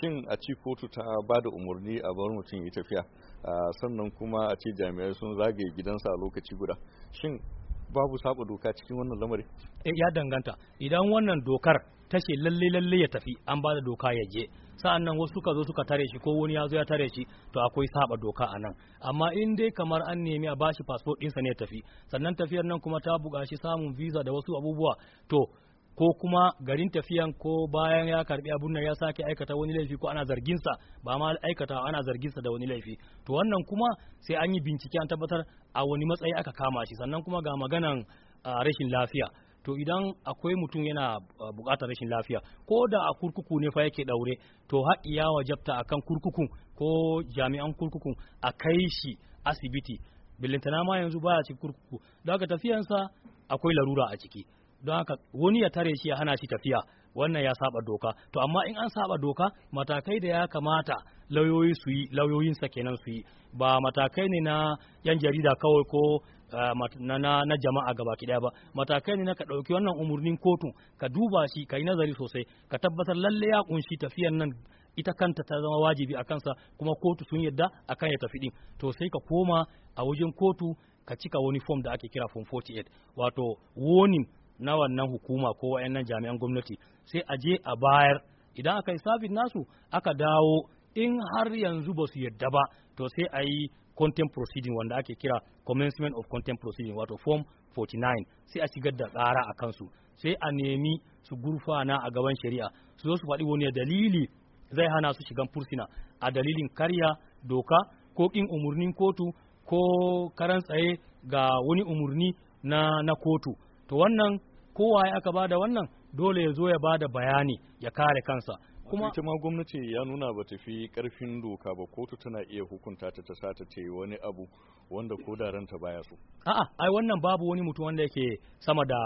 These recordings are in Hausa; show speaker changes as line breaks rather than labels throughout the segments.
shin a ci kotu ta ba da umarni a bar mutum ya tafiya sannan kuma a ce jami'ai sun zagaye gidansa a lokaci guda shin babu saba doka cikin wannan lamari eh, ya danganta idan wannan dokar ta ce lalle lalle ya tafi an ba da doka ya je sa'an nan wasu suka zo suka tare shi ko wani ya zo ya tare shi to akwai saba doka a nan amma in dai kamar an nemi a bashi fasfo ɗinsa ne ya tafi sannan tafiyar nan kuma ta buga shi samun visa da wasu abubuwa to ko kuma garin tafiyan ko bayan ya karbi abun nan ya sake aikata wani laifi ko ana zargin sa ba ma aikata ana zargin sa da wani laifi to wannan kuma sai an yi bincike an tabbatar a wani matsayi aka kama shi sannan kuma ga maganan rashin lafiya to idan akwai mutum yana bukatar rashin lafiya ko da a kurkuku ne fa yake daure to ya wajabta akan kurkukun ko jami'an kurkukun a kai shi asibiti billintana ma yanzu baya cikin kurkuku da tafiyansa akwai larura a ciki don haka wani ya tare shi ya hana shi tafiya wannan ya saba doka to amma in an saba doka matakai da ya kamata lauyoyi su yi lauyoyin sa kenan su yi ba matakai ne na yan jarida kawai ko eh, na, jama'a gaba daya ba matakai ne na ka ɗauki wannan umarnin kotu ka duba shi ka yi nazari sosai ka tabbatar lalle ya kunshi tafiyan nan ita kanta ta zama wajibi a kansa kuma kotu sun yadda akan ya tafi din to sai ka koma a wajen kotu ka cika wani form da ake kira form 48 wato warning na wannan hukuma ko wayannan jami'an gwamnati sai a je a bayar idan aka yi sabit nasu aka dawo in har yanzu ba su yadda ba to sai a yi content proceeding wanda ake kira commencement of content proceeding wato form 49 sai a shigar da tsara a kansu sai a nemi su gurfana a gaban shari'a su zo su faɗi wani dalili zai hana su shigan fursuna a dalilin karya doka ko ƙin umarnin kotu ko karan tsaye ga wani umarni na kotu to wannan ya aka bada wannan dole ya zo ya bada bayani ya kare kansa kuma ita ma gwamnati ya nuna ba ta fi karfin doka ba kotu tana iya hukunta ta ta sata ta yi wani abu wanda ko da ranta baya so a'a ai wannan babu wani mutum wanda yake sama da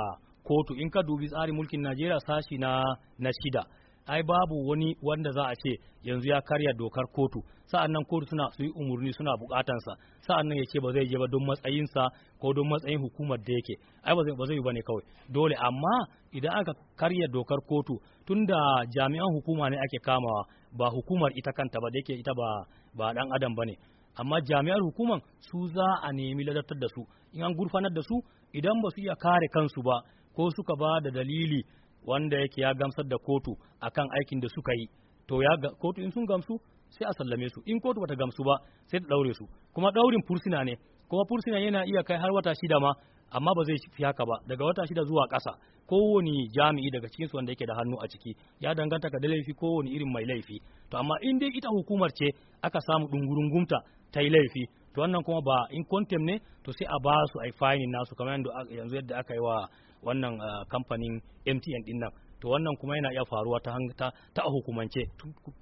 kotu in ka dubi tsarin mulkin Najeriya sashi na na shida ai babu wani wanda za a ce yanzu ya karya dokar kotu sa'an nan kotu suna su yi umurni suna bukatansa sa'an nan ya ce ba zai je ba don matsayinsa ko don matsayin hukumar da yake ai ba zai yi ba ne kawai dole amma idan aka karya dokar kotu tunda jami'an hukuma ne ake kamawa ba hukumar ita kanta ba da yake ita ba ba dan adam bane amma jami'ar hukuman su za a nemi ladatar da su in an gurfanar da su idan ba su iya kare kansu ba ko suka ba da dalili wanda yake ya gamsar da kotu akan aikin da suka yi to ya kotu in sun gamsu sai a sallame su in kotu bata gamsu ba sai ta daure su kuma daurin fursuna ne kuma fursuna yana iya kai har wata shida ma amma ba zai fi haka ba daga wata shida zuwa ƙasa kowane jami'i daga cikinsu wanda yake da hannu a ciki ya danganta ka da laifi kowane irin mai laifi to amma in dai ita hukumar ce aka samu gumta ta yi laifi to wannan kuma ba in kontem ne to sai a ba su ai fine nasu kamar yanzu yadda aka yi wa wannan eh, kamfanin MTN din nan to wannan kuma yana iya faruwa ta hanga ta a hukumance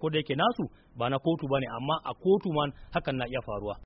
ko da yake nasu ba na kotu bane amma a kotu man hakan na iya faruwa